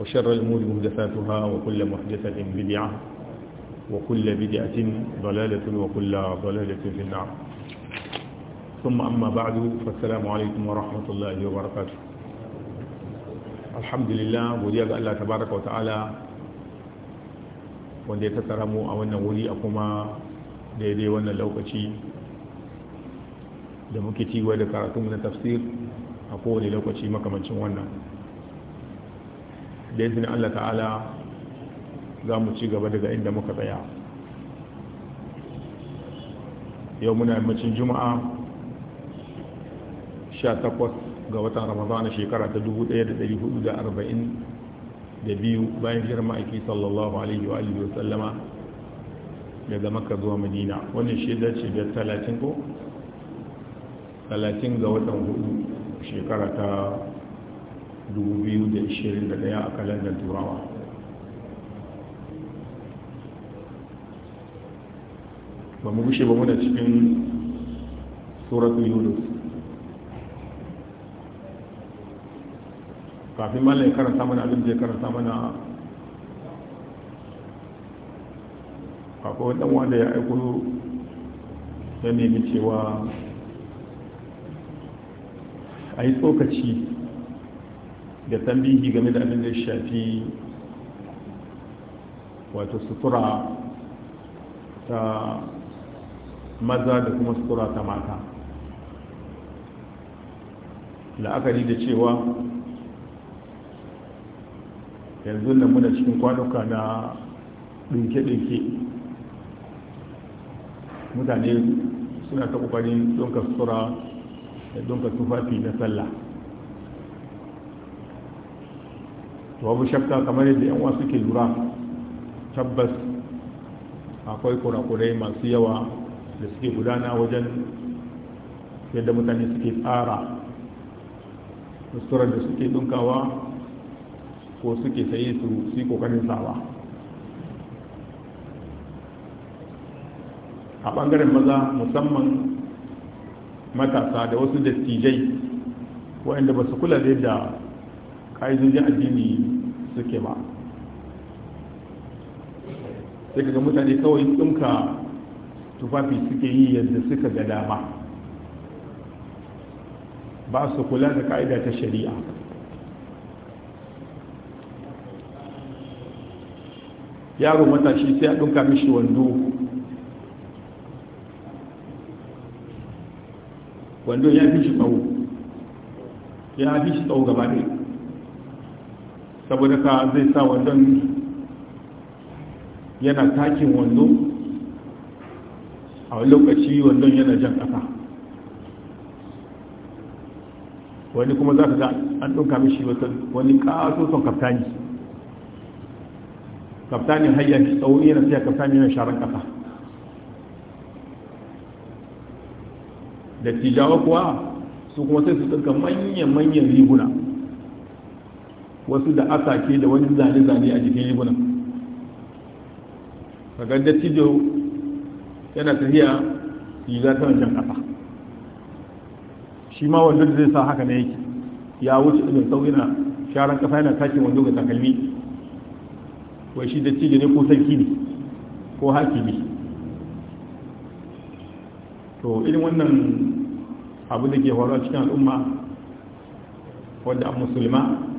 وشر الأمور مهدفاتها وكل محدثة بدعة وكل بدعة ضلالة وكل ضلالة في النار ثم أما بعد فالسلام عليكم ورحمة الله وبركاته الحمد لله ورياض الله تبارك وتعالى وان يتكرموا أو أن ورياكما ليديوان اللوكتي لمكتي ولكاركم من التفسير أقول لوكتي مكما تشوانا da izinin Allah ta'ala za mu ci gaba daga inda muka tsaya yau muna yammacin juma'a 18 ga watan ramadana shekara ta 1442 bayan girma aiki sallallahu alaihi wa alihi wa sallama daga maka zuwa madina wannan shaida ce da talatin ko ga watan hudu shekara ta 2021 a kalandar turawa ba mu gushe ba muna cikin suratun yunus kafin mallan ya karanta mana abin da karanta mana akwai dan wanda ya aiko ya nemi cewa a yi tsokaci da tambihi game da abin da shafi wato sutura ta maza da kuma sutura ta mata la'akari da cewa yanzu da muna cikin kwanuka na ɗinke-ɗinke mutane suna ta ƙoƙarin ɗonka sutura da ɗonka tufafi na sallah to babu shakka kamar yadda yan wasu ke lura tabbas akwai kurakurai masu yawa da suke gudana wajen yadda mutane suke tsara musturar da suke dunkawa ko suke saye su su kokarin sawa a ɓangaren maza musamman matasa da wasu dattijai waɗanda ba su kula da yadda ƙa'idojin addini suke ba sai ga mutane kawai tsinka tufafi suke yi yadda suka ga dama ba su kula da ka'ida ta shari'a yaro matashi sai a ɗunka mishi wando wando ya fi shi tsawo ya fi shi tsawo gaba ɗaya saboda ka zai sa wandon yana takin wando a lokaci wandon yana jan ƙasa wani kuma za ka ga an ɗauka mishi wani son kaftani kaftani hanyar tsawon yana siya kaftani yana sharan ƙasa da tijawa kuwa su kuma sai su ɗauka manyan-manyan riguna wasu da ke da wani zane-zane a jikin rigunan a da cijo yana tafiya riga ta wajen kafa shi ma wanda zai sa haka ne yake ya wuce ɗin sau yana sharan kafa yana takin wando ga takalmi wai shi da cijo ne ko sarki ne ko ne? to irin wannan abu da ke faruwa cikin al'umma wanda an musulma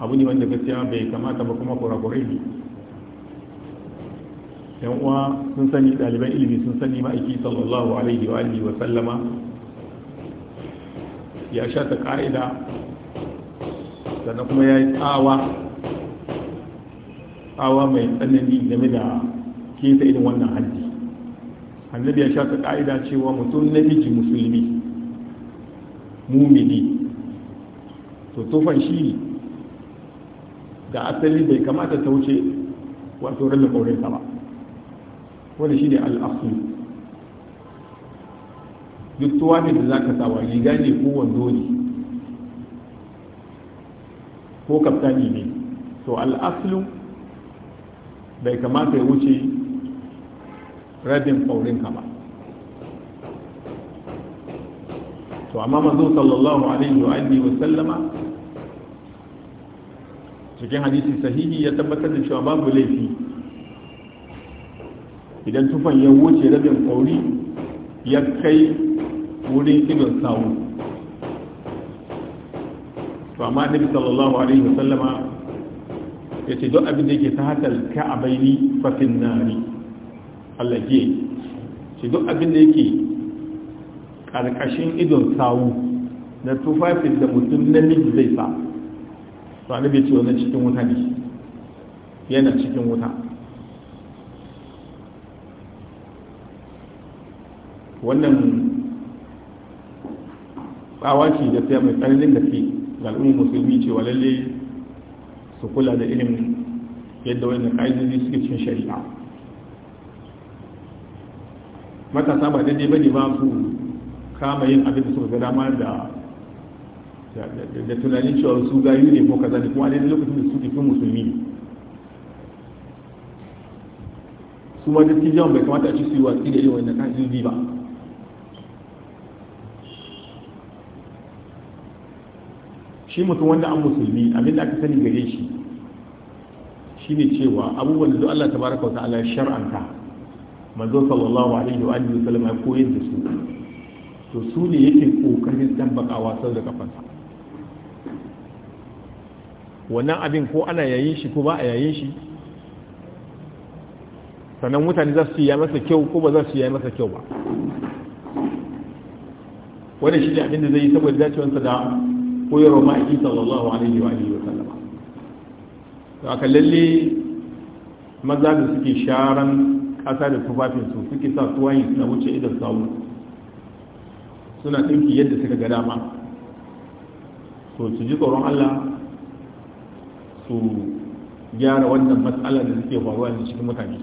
abu ne wanda gaskiya bai kamata ba kuma kurakurai ne yan uwa sun sani ɗaliban ilimi sun sani ma'aiki sallallahu alaihi wa alihi wa sallama ya sha ta ƙa'ida sannan kuma ya yi tsawa tsawa mai tsanani game da kesa irin wannan haddi annabi ya sha ta ƙa'ida cewa mutum na namiji musulmi mumini to tufan shi da asali bai kamata ta wuce wato rarraba wurin ba wani shi ne al'asu duk tuwa ne da za ka sawa riga ne ko wando ne ko kaftani ne to al'aslu bai kamata ya wuce rabin ka ba to amma mazo sallallahu alaihi wa sallama cikin hadisi sahihi ya tabbatar da cewa babu laifi idan tufan ya wuce rabin kauri ya kai wurin idon sawu to amma nabi sallallahu alaihi wasallama ya ce don abin da yake ta hatar baini fafin nari Allah ke ce don abin da yake ƙarƙashin idon sawu na tufafin da mutum namiji zai sa to annabi ce wannan cikin wuta ne yana cikin wuta wannan tsawa ce da sai mai tsananin da ga al'ummar musulmi ce wa lalle su kula da ilimin yadda wannan ƙa'idodi suke cin shari'a matasa ba daidai ba ne ba su kama yin abin da suka ga dama da da tunanin cewa su gayu ne ko kaza ne kuma a daidai lokacin da su fi musulmi ne su ma dattijan bai kamata a ci su yi watsi da irin wannan ba shi mutum wanda an musulmi abin da aka sani gare shi shi ne cewa abubuwan da Allah ta baraka wata ala shar'anta manzo sallallahu alaihi wa alihi wa sallam ya koyar da su to su ne yake kokarin tambakawa sau da kafansa wannan abin ko ana yayin shi ko ba a yayin shi sannan mutane za su yi masa kyau ko ba za su yi masa kyau ba wani shi ne abin da zai yi saboda dacewarsa da koyarwa ma'aiki sallallahu alaihi wa alihi wa sallama to aka lalle maza da suke sharan ƙasa da tufafinsu suke sa tuwayin suna wuce idan sawu suna tsinki yadda suka ga dama to su ji tsoron Allah su gyara wannan matsalar da suke faruwa da cikin mutane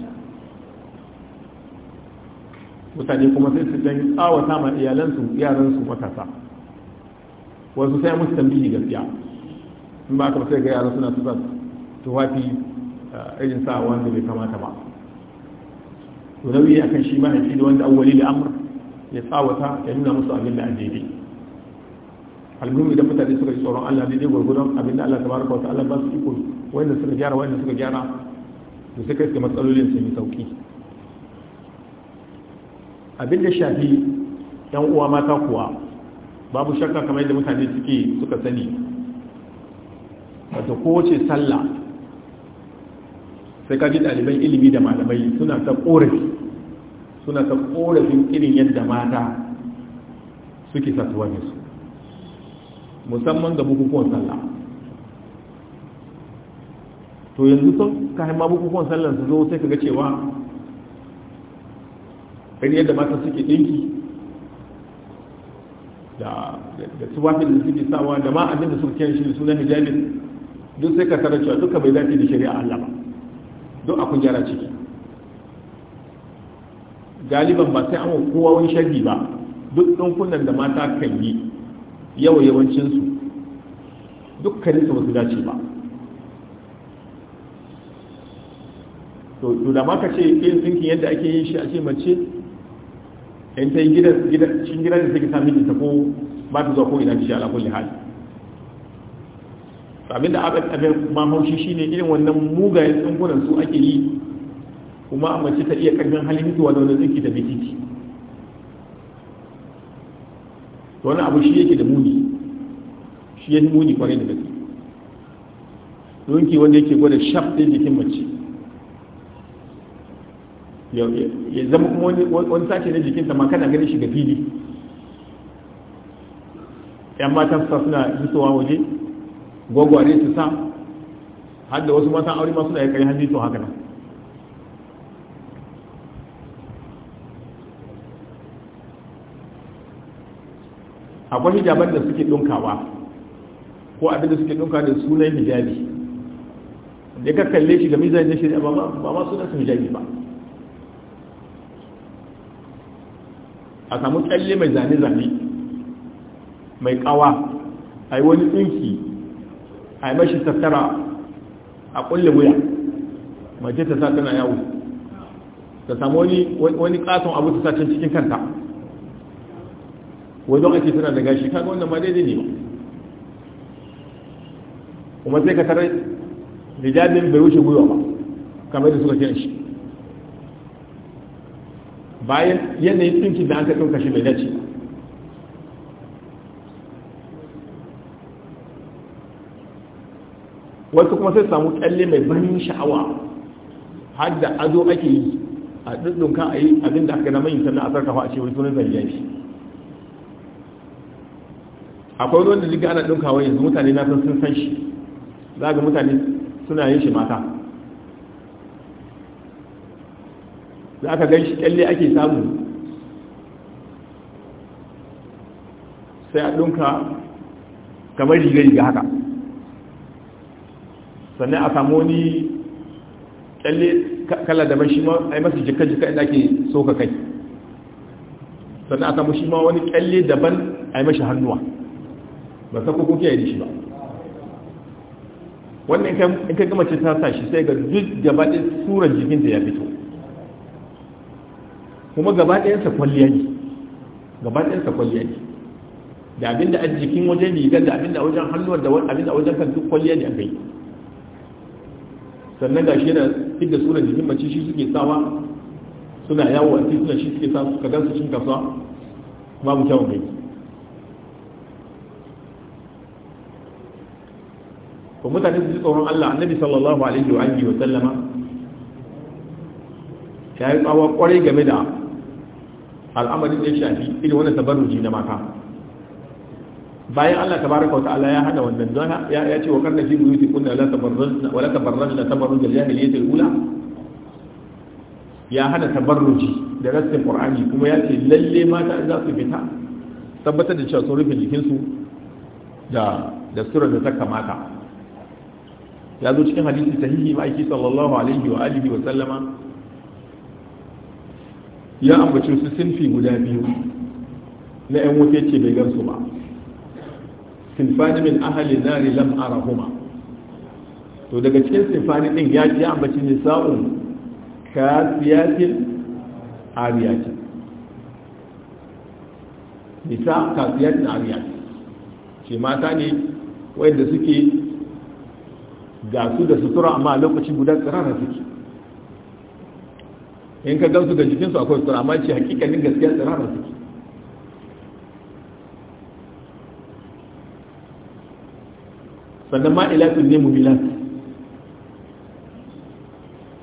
mutane kuma sai su dan tsawata ma iyalansu yaransu matasa wasu sai musu tambayi gaskiya in ba ka sai ga yaran suna tuba tuwafi eh, irin sa wanda bai kamata ba to nauyi akan shi mahaifi da wanda awwali da amr ya tsawata ya nuna musu abin da a daidai almuhim idan mutane suka ji tsoron Allah daidai gwargwadon abinda Allah baraka wata allah ba su iko wanda suka gyara wanda suka gyara da suka iske matsalolin su yi sauki abin da shafi yan uwa mata kuwa babu shakka kamar yadda mutane suke suka sani wata kowace sallah sai ka ji ɗaliban ilimi da malamai suna ta ƙorafi suna ta ƙorafin irin yadda mata suke satuwa su musamman ga bukukuwan sallah to yanzu sun ka ma bukukuwan sallah su zo sai kaga cewa kan yadda mata suke ɗinki da tufafin da suke sawa da ma abin da suke kiyan shi na hijabin duk sai ka tarar cewa duka bai dace da shari'a Allah ba duk akwai gyara ciki galiban ba sai an kowa wani sharri ba duk ɗankunan da mata kan yi yawa yawancinsu dukkaninsu ba su dace ba to da maka ce irin tsinkin yadda ake yin shi a ce mace in ta yi cikin gidan da take samun ta ko ba ta zuwa ko ina shi ala kulli hali abin da aka abin shi shine irin wannan mugayen tsangunan su ake yi kuma a mace ta iya karfin halin zuwa da wani tsinki da bititi to wani abu shi yake da muni shi yake muni kwarai da gaske dunki wanda yake gwada shaf ɗin jikin mace ya zama kuma wani sace na jikinta ma kana ganin shi ga fili yan matan sa suna fitowa waje gwagware su sa har da wasu matan aure ma suna ya kai hannu to haka nan akwai hijabar da suke dunkawa ko abin da suke dunka da sunan hijabi da ka kalle shi da mizan da ba ba ma sunan su hijabi ba a samu kalle mai zane-zane mai kawa a yi wani tsinki a yi mashi tattara a kulle wuya mace ta sa tana yawo ta samu wani katon abu ta sa cikin kanta wani lokaci tana da gashi kaga wannan ma daidai ne kuma sai ka tarar hijabin bai wuce gwiwa ba kamar da suka ce shi bayan yanayin tsinki da an ka tsinka shi bai dace wasu kuma sai samu kyalle mai banin sha'awa har da azo ake yi a ɗinɗinka a yi abin da aka gana mai sannan a sarkafa a ce wani sunan zariya shi akwai wani wanda liga ana ɗaukawa yanzu mutane na sun san shi za ga mutane suna yin shi mata za ka gan shi kyalle ake samu sai a ɗinka kamar riga-riga haka sannan a samu wani kyalle kala da shi ma a yi masu jika-jika inda ake soka kai sannan a samu shi ma wani kyalle daban a yi mashi hannuwa ba sa ko kiyaye da shi ba wannan in ka gama ce ta sa shi sai ga duk gaba ɗaya tsuran jikin da ya fito kuma gaba ɗayansa kwalliya ne gaba ɗayansa kwalliya ne da abin da a jikin wajen rigar da abin da wajen hannuwar da abin da wajen kan duk kwalliya ne a kai sannan ga shi yana duk da surar jikin mace shi suke sawa suna yawo a tituna shi suke sa suka gansu cin kasuwa babu kyawun kai to mutane su ji tsoron Allah annabi sallallahu alaihi wa alihi wa sallama ya yi tsawa kwarai game da al'amarin da ya shafi irin wani tabarruji na mata bayan Allah tabaraka wa ta'ala ya hada wannan zana ya ya ce wa karna fi buyuti kunna la tabarrujna wa la tabarrujna tabarruj al-jahiliyyah al-ula ya hada tabarruji da rasul qur'ani kuma ya ce lalle mata za su fita tabbatar da cewa sun rufe jikinsu da da surar da ta kamata ya zo cikin hadisi sahihi ma'aiki sallallahu alaihi wa alihi wa sallama ya ambaci su sinfi guda biyu na yan wuce ce bai su ba sinfani min ahalin nari lam arahuma to daga cikin sinfani din ya ce ambaci sa'un kasiyatin ariyatin nisa kasiyatin ariyatin ce mata ne wadda suke ga su da sutura amma a lokaci guda tsirara suke in ka gamsu ga jikinsu akwai sutura amma ce hakikalin gaskiya tsirara suke sannan ma'ilatun ne mumilat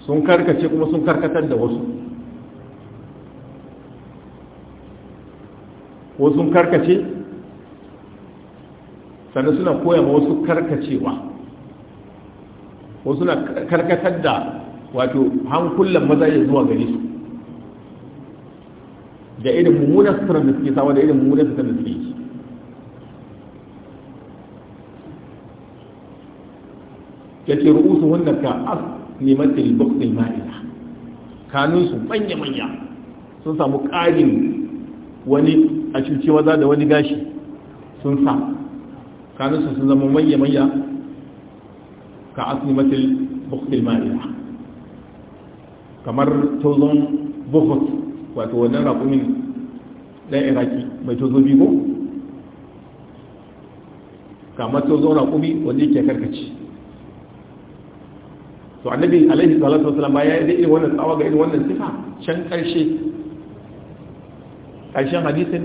sun karkace kuma sun karkatar da wasu ko sun karkace sannan suna koya ma wasu karkacewa ko suna karkatar da wato hankulan maza ya zuwa gare su da irin mummunan suturar da suke sawa da irin mummunan suturar da suke yi ya ce ru'usu wanda ka as neman tilbuktin ma'ila kanunsu manya-manya sun samu ƙarin wani a cuce waza da wani gashi sun sa kanunsu sun zama manya-manya ka asnimatil bukhtil ma'ida kamar tozon bukhut wato wannan raƙumin ɗan iraki mai tozo biyu kamar tozon raƙumi wanda to annabi alaihi salatu wasallam ya yi irin wannan tsawa ga irin wannan sifa can karshe karshen hadisin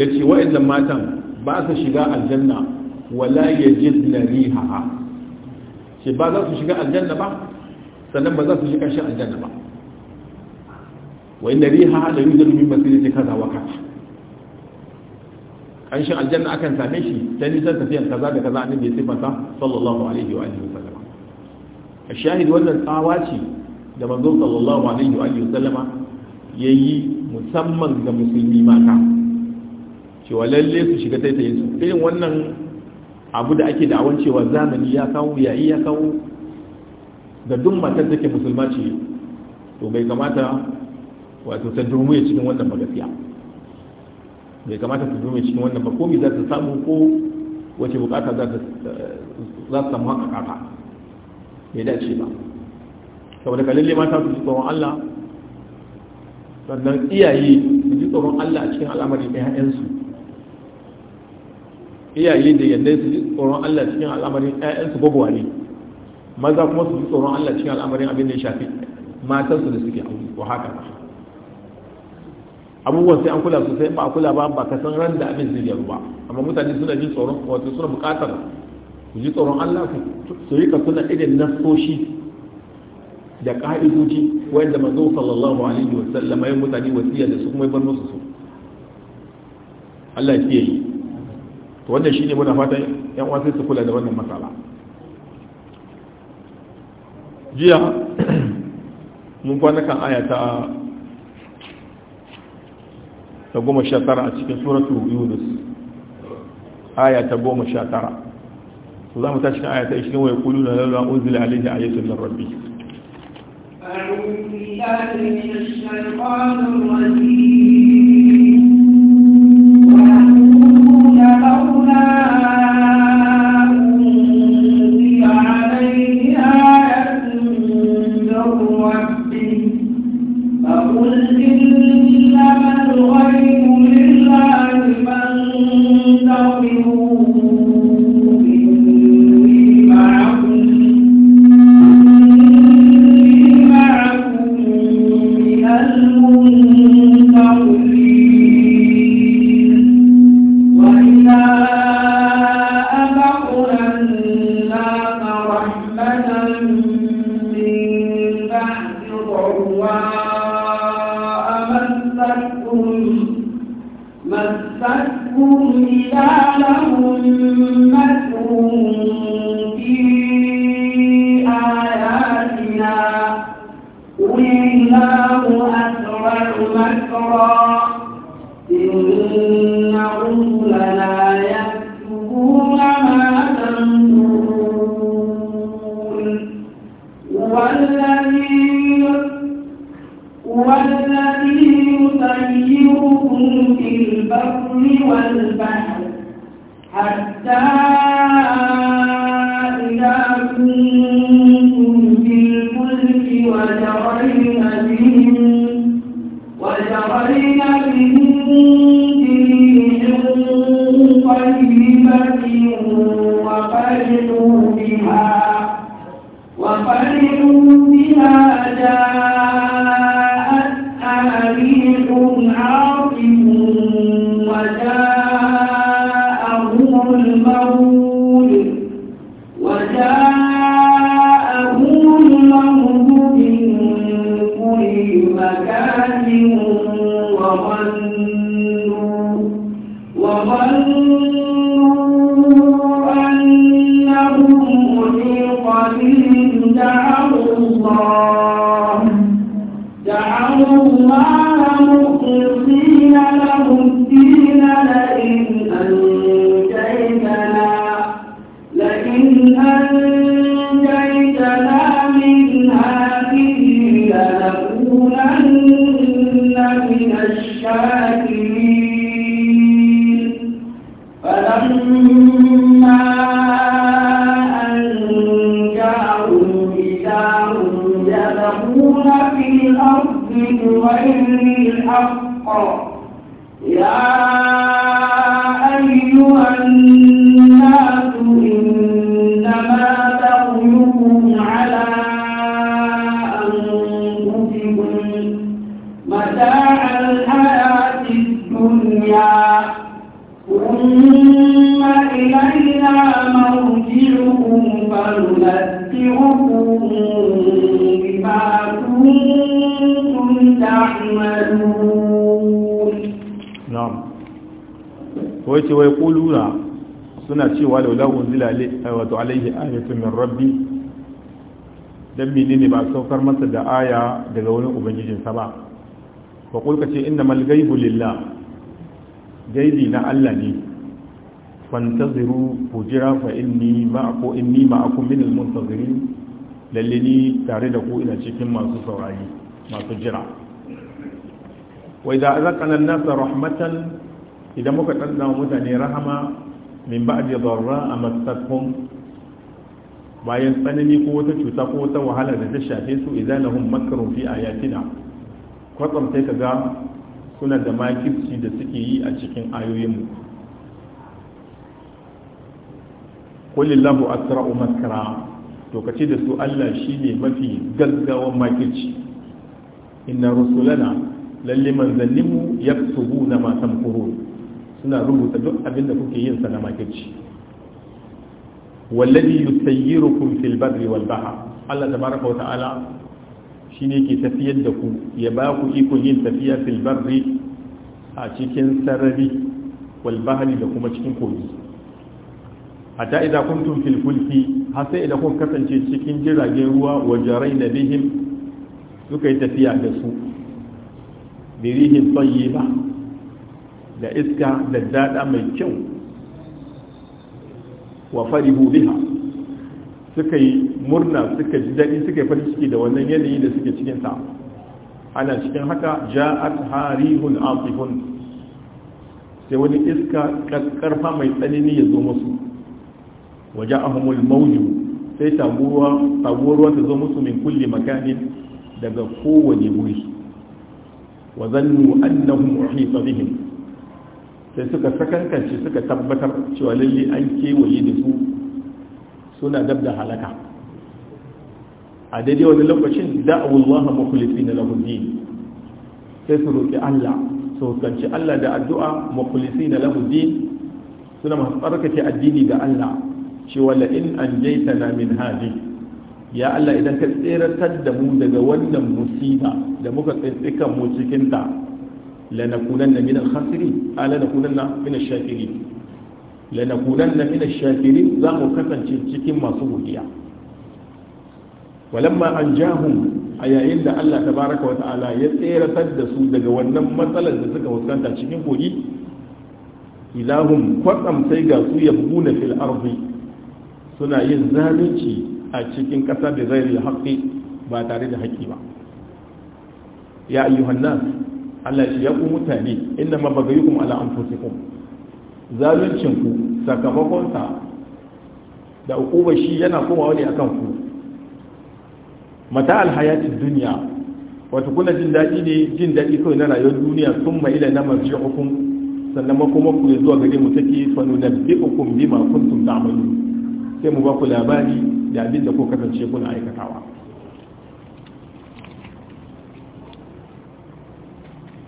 ya ce wa'annan matan ba su shiga aljanna wala yajidna rihaha shi ba za su shiga aljanna ba sannan ba za su shiga shi aljanna ba wai inna rihaha la yujadu min ta kaza wa an kanshin aljanna akan same shi ta nisan tafiyan kaza da kaza annabi ya sifanta sallallahu alaihi wa alihi wa sallama ashahid wannan tsawa ce da manzo sallallahu alaihi wa alihi wa sallama yayi musamman ga musulmi mata cewa lalle su shiga taitayin su irin wannan abu da ake da cewa zamani ya kawo yayi ya kawo da duk matar take musulma ce to bai kamata wato ta durmuye cikin wannan ba bai kamata ta durmuye cikin wannan ba ko za ta samu ko wace bukata za ta samu haka kaka bai dace ba saboda kalilai mata su ji tsoron Allah sannan iyaye su ji tsoron Allah a cikin al'amari ɗayan su iyaye da yadda su ji tsoron Allah cikin al'amarin ƴaƴansu gwagwa ne maza kuma su ji tsoron Allah cikin al'amarin abin da ya shafi matansu da suke aure ko haka abubuwan sai an kula sosai ba a kula ba ba ka san ran da abin zai yaru ba amma mutane suna jin tsoron wato suna buƙatar su ji tsoron Allah su rika suna irin nasoshi da ƙa'idoji wanda manzo sallallahu alaihi wasallam ya mutane wasiya da su kuma ya bar musu su Allah ya kiyaye to wannan shine muna fatan yan wasu su kula da wannan matsala jiya mun kwana kan aya ta goma sha tara a cikin suratu yunus aya ta goma sha tara su za mu ta cikin aya ta ishirin wai kulu na lalwa unzila alaihi ayatun min rabbi أعوذ بالله من الشيطان الرجيم الذين wai ce wai kuluna suna cewa laula unzila wato alaihi ayatun min rabbi dan menene ba saukar masa da aya daga wani ubangijin sa ba fa kulka ce innamal ghaibu lillah gaibi na Allah ne fantaziru ku jira fa inni ma'akum inni ma'akum minal muntazirin lalle ni tare da ku ina cikin masu saurari masu jira wa idza azaqna an-nasa rahmatan idan muka wa mutane rahama min ba je zarra a matsakon bayan tsanani ko wata cuta ko wata wahala da ta shafe su idan lahun makarun fi a yatina kwatsam sai ka ga suna da makirci da suke yi a cikin ayoyinmu kulillahu asra'u makara to ka ce da su Allah shi ne mafi gaggawan makirci inna rusulana lalle manzanninmu na ma kuro suna rubuta duk abin da kuke yin sa na makirci wallazi yusayyirukum fil barri wal baha. Allah tabaraka wa ta'ala shine ke tafiyar da ku ya ba ku iko yin tafiya fil barri a cikin sarari wal bahri da kuma cikin kogi hatta idza kuntum fil fulki har sai idan kun kasance cikin jiragen ruwa wa jaraina bihim suka yi tafiya da su birihin tayyiba da iska da dada mai kyau wa farihu biha suka yi murna suka ji daɗi suka yi farin ciki da wannan yanayi da suke cikin sa ana cikin haka ja'at harihun asifun sai wani iska karfa mai tsanani ya zo musu waje ahumul mauju sai taguwar ruwa ta zo musu min kulli makanin daga kowane wuri wa zannu annahum uhita bihim sai suka sakankance suka tabbatar cewa lalle an kewaye da su suna dab da halaka a daidai wani lokacin da'awullaha mukhlisina na din sai su roƙi Allah su hukanci Allah da addu'a mukhlisina na din suna masu tsarkake addini ga Allah cewa la in na min hadi ya Allah idan ka tseratar da mu daga wannan musiba da muka tsintsikan mu cikinta Lanakunan min al-khasirin za mu kasance cikin masu godiya walamma an jahum a yayin da Allah tabaraka wa ta'ala ya tseratar da su daga wannan matsalar da suka fuskanta cikin kogi ilahum kwatsam sai ga su yabuna fil ardi suna yin zalunci a cikin ƙasa da zai haƙi ba tare da haƙƙi ba ya ayyuhan nas Allah ya ku mutane inna ma bagayukum ala anfusikum zaluncin ku sakamakon sa da ukuba shi yana komawa ne akan ku mata alhayati duniya, wato kuna jin dadi ne jin daɗi kawai na rayuwar duniya mai ila na hukum sannan kuma ku ya zuwa gare mu take fa nunabbi'ukum bima kuntum ta'malun sai mu ba ku labari da abin da ku kasance kuna aikatawa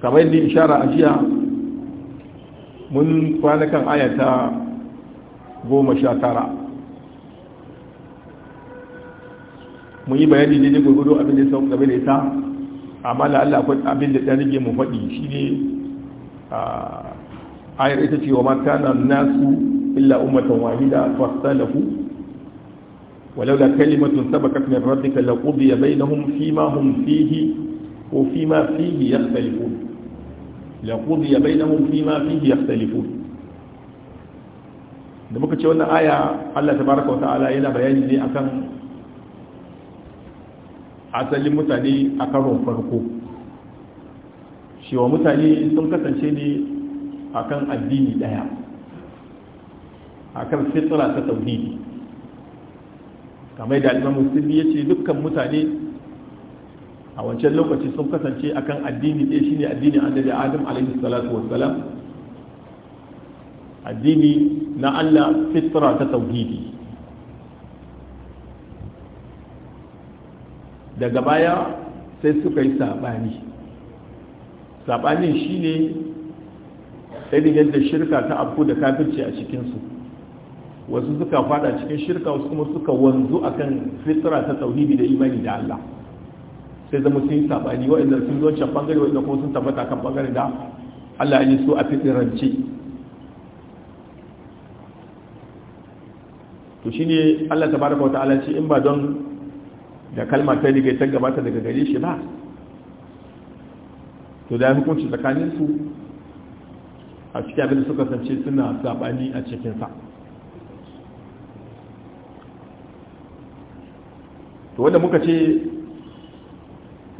kamar yadda ishara a jiya mun kan ayata goma sha tara mun yi bayani daidai gudu abin da ya sauƙa bai da ita amma da allah akwai abin da ɗan rage mu faɗi shi ne ayar ita ce wa mata na nasu illa ummatan wahida fasalafu ولولا كلمة سبقت من ربك لقضي بينهم فيما هم فيه وفيما فيه يختلفون لقضي بينهم فيما فيه يختلفون da muka ce wannan aya Allah Ta baraka wa ta'ala yana bayani ne akan asalin mutane a karon farko cewa mutane sun kasance ne akan addini daya akan fitra ta tauhidi kamar da Imam Musulmi yace dukkan mutane a wancan lokaci sun kasance akan addini ɗaya shine addinin annabi adam alaihi salatu wassalam addini na Allah fitra ta tauhidi daga baya sai suka yi saɓani saɓanin shine irin yadda shirka ta abu da kafirci a cikinsu wasu suka fada cikin shirka wasu kuma suka wanzu akan fitra ta tauhidi da imani da Allah sai zama sun yi sabani wa'anda sun zo can bangare wa'anda kuma sun tabbata kan bangare da Allah ya so a fitirance to shine Allah ta baraka wata alaci in ba don da kalma ta rigai ta gabata daga gare shi ba to da hukunci tsakanin su a cikin abin da suka sance suna sabani a cikinsa. sa to wanda muka ce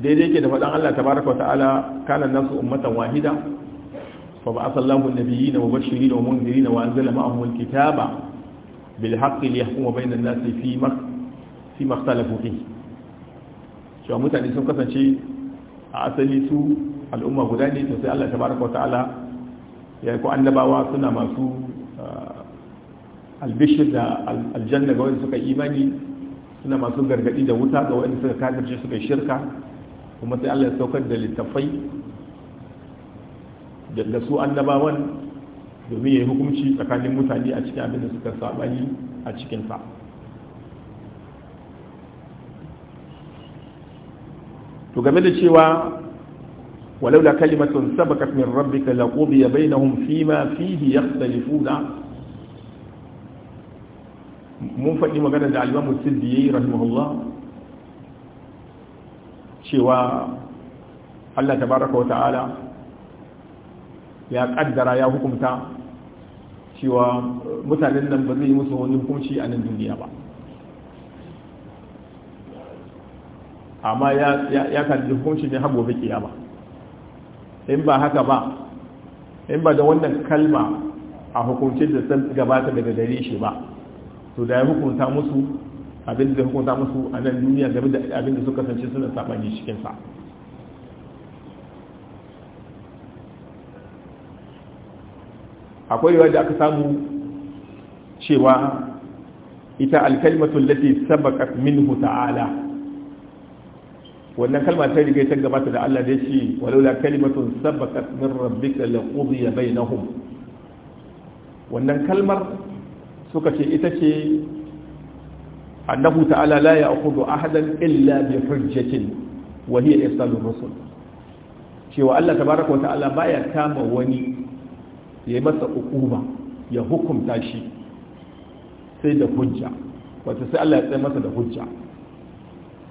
daidai yake da faɗan Allah tabaraka ta'ala kana nasu ummatan wahida fa ba'atha Allahu nabiyina wa bashirin wa mundirin wa anzala ma'ahum al-kitaba bil haqqi liyahkuma bayna an-nasi fi ma fi ma ikhtalafu fihi cewa mutane sun kasance a asali su al'umma guda ne to sai Allah tabaraka ta'ala ya ko annabawa suna masu ah, albishir da aljanna ga wanda suka imani suna masu gargadi da wuta ga wanda suka kafirce suka shirka kuma sai Allah ya saukar da littafai daga su annabawan domin ya yi hukunci tsakanin mutane a cikin abin da suka sabani a cikinsa to game da cewa walau da kalimatun sabakat min rabbika laqudiya bainahum fima fihi yakhtalifuna mun faɗi magana da al-Imam Tirmidhi rahimahullah cewa Allah tabaraka wata'ala ya kaddara ya hukumta cewa mutanen nan ba zai musu wani hukunci a nan duniya ba amma ya kaddara hukunci ne har gobe ba in ba haka ba in ba da wannan kalma a hukuncin da sun gabata daga dare shi ba to da ya hukunta musu abin da hukunta musu a nan duniya game da abin da suka kasance suna saɓani cikin sa akwai riwaya aka samu cewa ita alkalmatu lati sabaqat minhu ta'ala wannan kalma ta riga ta gabata da Allah da yake walaula kalimatun sabaqat min rabbika qudiya bainahum wannan kalmar suka ce ita ce annahu ta'ala la ya'khudhu ahadan illa bi hujjatin wa hiya irsalur rusul cewa Allah tabaraka wa ta'ala baya kama wani ya masa hukuma ya hukunta shi sai da hujja wato sai Allah ya tsaye masa da hujja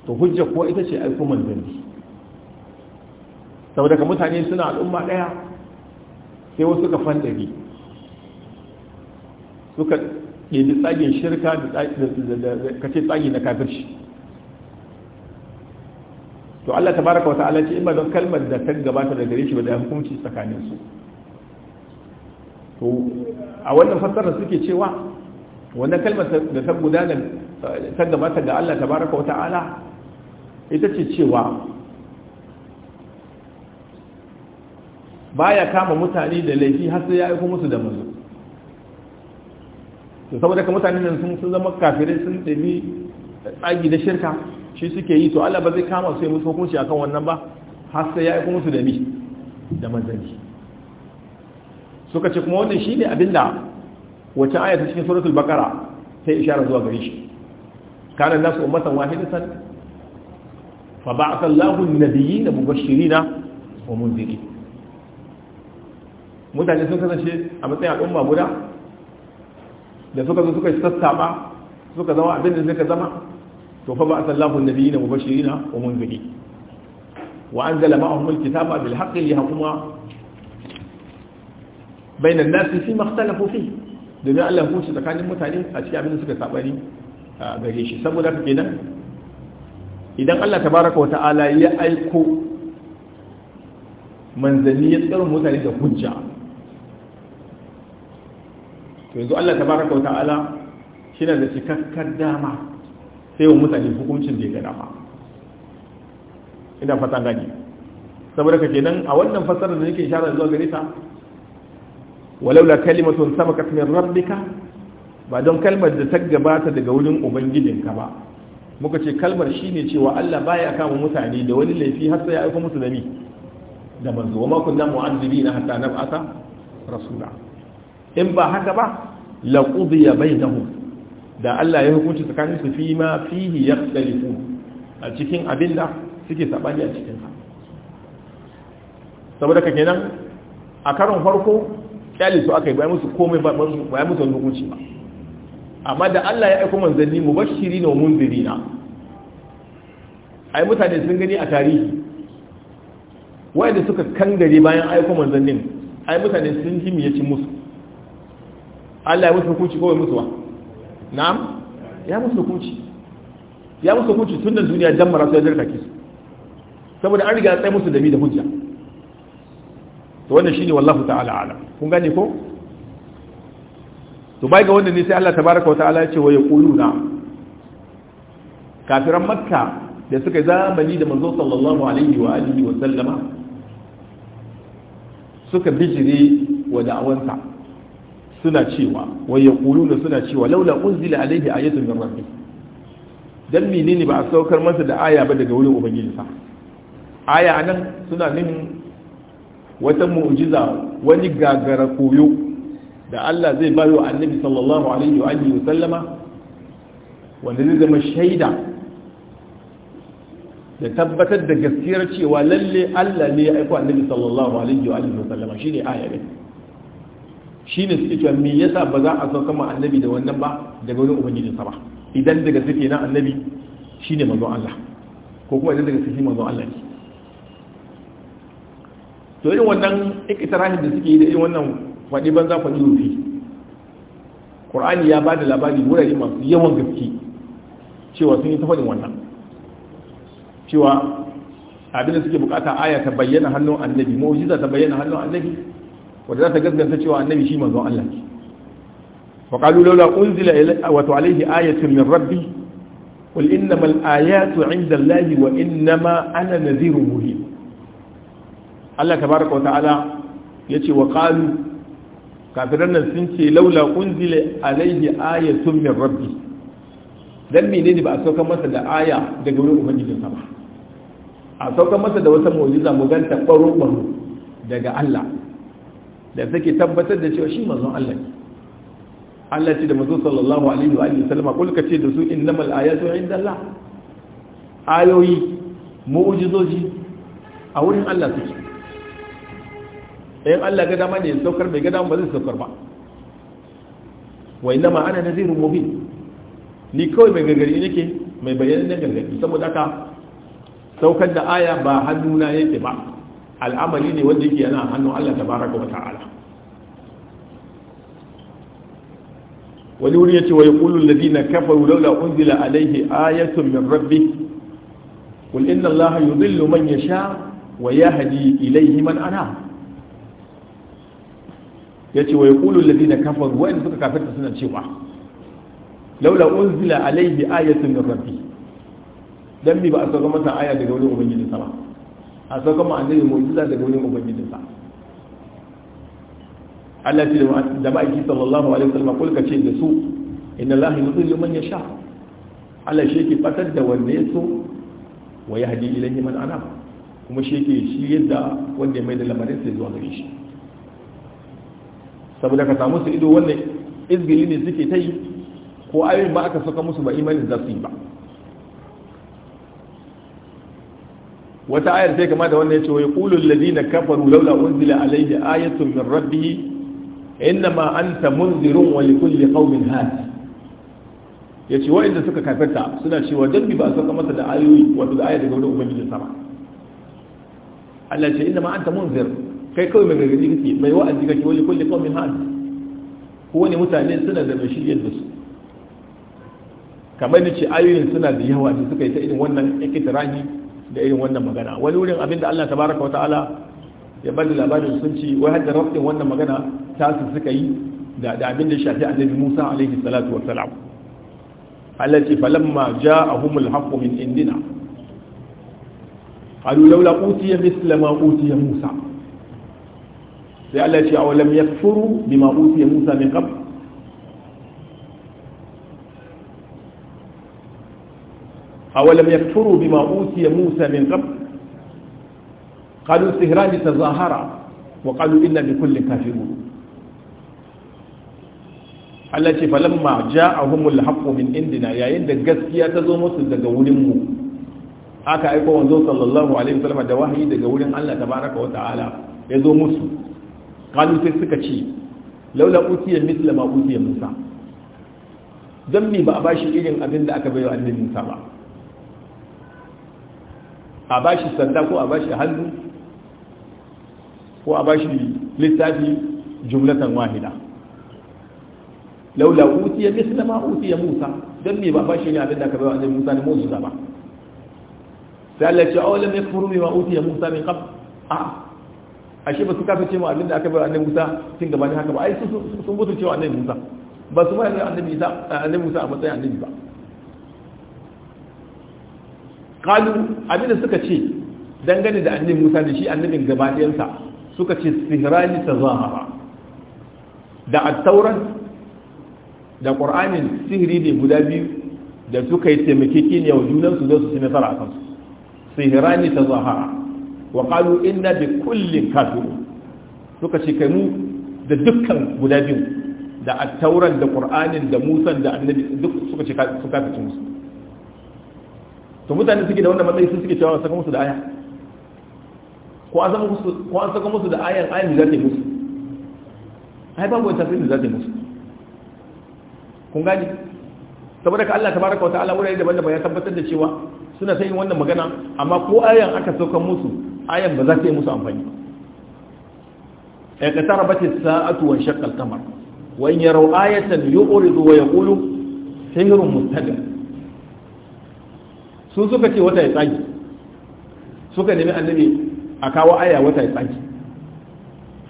to hujja ko ita ce aiko manzanni saboda ka mutane suna al'umma daya sai wasu ka fandari suka yadda tsagin shirka da kace tsagi na kafirci to Allah baraka wa ta'ala ce in ba don kalmar da ta gabata da gare shi ba da hukunci tsakanin su to a wannan fassara suke cewa wannan kalmar da ta gudana ta gabata ga Allah ta baraka wa ta'ala ita ce cewa baya kama mutane da laifi har sai ya aiko musu da mazu to saboda ka mutane nan sun sun zama kafirai sun dabi tsagi da shirka shi suke yi to Allah ba zai kama su ya musu hukunci akan wannan ba har sai ya yi musu da mi da manzanci suka ce kuma wannan shine abinda wacce aya ta cikin suratul baqara ta isharar zuwa gare shi kana nasu ummatan wahidatan fa ba'atha Allahu an-nabiyina mubashirina wa munzirin mutane sun kasance a matsayin al'umma guda da suka zo suka sassaba suka zama abin da suka zama to fa ba sallahu annabiyina bashirina wa munziri wa anzala ma'ahum alkitaba bil haqqi liyahkuma bayna an-nas fi ma ikhtalafu fi domin Allah hukunci tsakanin mutane a cikin abin da suka ni a gare shi saboda haka kenan idan Allah tabaraka wa ta'ala ya aiko manzanni ya tsara mutane da hujja to yanzu Allah tabaraka wa ta'ala shi da cikakkar dama sai wa mutane hukuncin da ya gada dama idan fata gani saboda ka kenan a wannan fasarar da nake shara zuwa gare ta walau la kalimatun sabaqat min rabbika ba don kalmar da ta gabata daga wurin ka ba muka ce kalmar shine cewa Allah baya kama mutane da wani laifi har sai ya aika musu da ni da manzo wa ma kunna mu'azzibina hatta nab'atha rasula in ba haka ba la qudiya bainahum da Allah ya hukunci tsakanin su fi ma fihi yakhtalifu a cikin abin da suke sabani a cikin sa saboda ka kenan a karon farko kyali su aka yi bayan musu komai ba bai musu hukunci ba amma da Allah ya aika manzanni mubashirina wa munzirina ai mutane sun gani a tarihi da suka kangare bayan aiko manzannin ai mutane sun ji miyaci musu Allah ya musu hukunci ko bai musu ba na'am ya musu hukunci ya musu hukunci tun da duniya jammara sai zarka kisu saboda an riga tsaye musu da bi da hujja to wannan shine wallahu ta'ala alam kun gane ko to bai ga wannan ne sai Allah tabaraka wa ta'ala ya ce wa yaquluna kafiran makka da suka zamani da manzo sallallahu alaihi wa alihi wa sallama suka bijire wa da'awansa suna cewa wa yaquluna suna cewa laula unzila alaihi ayatun min rabbi dan menene ba a saukar masa da aya ba daga wurin sa aya nan suna nin wata mu'jiza wani gagara koyo da Allah zai bayo annabi sallallahu alaihi wa alihi sallama wanda zai zama shaida da tabbatar da gaskiyar cewa lalle Allah ne ya aika annabi sallallahu alaihi wa alihi sallama shine aya ne shi ne suke cewa me yasa ba za a sauka ma annabi da wannan ba daga wurin sa ba idan daga suke na annabi shi ne manzon Allah ko kuma idan daga suke manzon Allah ne to irin wannan ikitarahin da suke yi da irin wannan faɗi banza faɗi rufi Qur'ani ya ba da labari wurare masu yawan gaske cewa sun yi ta faɗin wannan cewa abin da suke bukata aya ta bayyana hannun annabi mu'jiza ta bayyana hannun annabi wanda za ta gaskanta cewa annabi shi manzon Allah ne wa qalu laula unzila wa to alaihi ayatun min rabbi qul innamal ayatu 'inda Allah wa innama ana nadhirun mubin Allah tabaraka wa ta'ala yace wa qalu kafiran nan sun ce laula unzila alaihi ayatun min rabbi dan menene ba a saukar masa da aya daga wurin ubangijinsa ba a saukar masa da wata mu'jiza mu ganta baro baro daga Allah da take tabbatar da cewa shi manzon Allah ne Allah ce da manzon sallallahu alaihi wa sallama kul ka ce da su innamal ayatu indallah ayoyi mu'jizoji a wurin Allah suke in Allah ga dama ne ya saukar bai ga dama ba zai saukar ba wa innama ana nazirun mubin ni kawai mai gargadi nake mai bayanin gargadi saboda haka saukar da aya ba hannuna yake ba al'amari ne wanda yake yana hannun Allah tabaraka wa ta'ala wani wuri yace wa yaqulu alladhina kafaru laula unzila alayhi ayatun min rabbih qul inna allaha yudhillu man yasha wa yahdi ilayhi man ana yace wa yaqulu alladhina kafaru wa in suka kafirta suna cewa laula unzila alayhi ayatun min rabbih dan bi ba a saka masa aya daga wurin ubangiji sama a sauka ma annabi mu'jiza daga wurin ubangijinsa Allah ce da ma'aiki sallallahu alaihi wasallam kul ka ce da su inna Allah yudhillu man yasha Allah shi yake fatar da wanda ya so wa yahdi ilayhi man ana kuma shi yake shi yadda wanda mai da lamarin sai zuwa gare shi saboda ka samu su ido wannan izgili ne suke ta yi ko ayoyin ba aka saka musu ba imanin za su yi ba wata ayar sai kama da wannan ya yace wa yaqulu alladhina kafaru laula unzila alayhi ayatun min rabbih innama anta munzirun wa likulli qaumin had yace inda suka kafirta suna cewa dan bi ba saka masa da ayoyi wato da ayar daga wurin ubangiji sama Allah ce innama anta munzir kai kawai mai gargadi kake mai wa'azi kake wa likulli qaumin Ko kowane mutane suna da bashiriyar da su kamar ni ce ayoyin suna da yawa da suka yi ta irin wannan ikitirahi da irin wannan magana wani wurin abinda da Allah tabaraka wa ta'ala ya bada labarin sun ce wai hadda rabtin wannan magana ta su suka yi da da abin da shafi annabi Musa alaihi salatu wa salam Allah ce falamma ja'ahumul haqqu min indina qalu laula utiya misla ma utiya Musa sai Allah ce awalam yakfuru bima utiya Musa min qabl awalam yakfuru bima utiya musa min qabl qalu sihran tazahara wa qalu inna bi kulli kafirun Allah ce falamma ja'ahumul haqqu min indina yayin da gaskiya ta zo musu daga wurin mu aka aika wanzo sallallahu alaihi wasallam da wahayi daga wurin Allah tabaraka wa ta'ala ya zo musu qalu sai suka ce laula utiya mithla ma utiya musa dan me ba a bashi irin abin da aka bayar annabi Musa ba a bashi sanda ko a bashi hannu ko a bashi littafi jumlatan wahida laula uti ya misla ma uti ya Musa dan me ba shi ne abin da ka wa annabi Musa ne Musa ba sai Allah ya ce furu ma uti ya Musa min qabl a ashe ba su kafa cewa mu abin da aka wa annabi Musa tun gabanin haka ba ai sun mutu cewa annabi Musa ba su mai annabi Isa annabi Musa a matsayin annabi ba kalu da suka ce dangane da annabi Musa da shi annabin gabaɗayansa suka ce sihrani tazahara da at-taurat da qur'anin sihiri ne guda biyu da suka yi ne wa junansu don su ci nasara a kansu sihirani tazahara wa qalu inna bi kullin kafirun suka ce kai mu da dukkan guda biyu da attauran da ƙur'anin da musan da annabi duk suka ce suka kace musu to mutane suke da wannan matsayi sun suke cewa saka musu da aya ko an saka musu ko an saka musu da ayan ayan da zai musu ai ba wata tafsiri da zai musu kun gani saboda ka Allah tabaraka wa ta'ala wurare daban-daban ya tabbatar da cewa suna sai wannan magana amma ko ayan aka sauka musu ayan ba za ta yi musu amfani ya katara bace sa'atu wa shaqqal qamar wa in yaraw ayatan yu'ridu wa yaqulu sihrun mustaqim sun suka ce wata ya tsagi suka nemi annabi a kawo aya wata ya tsagi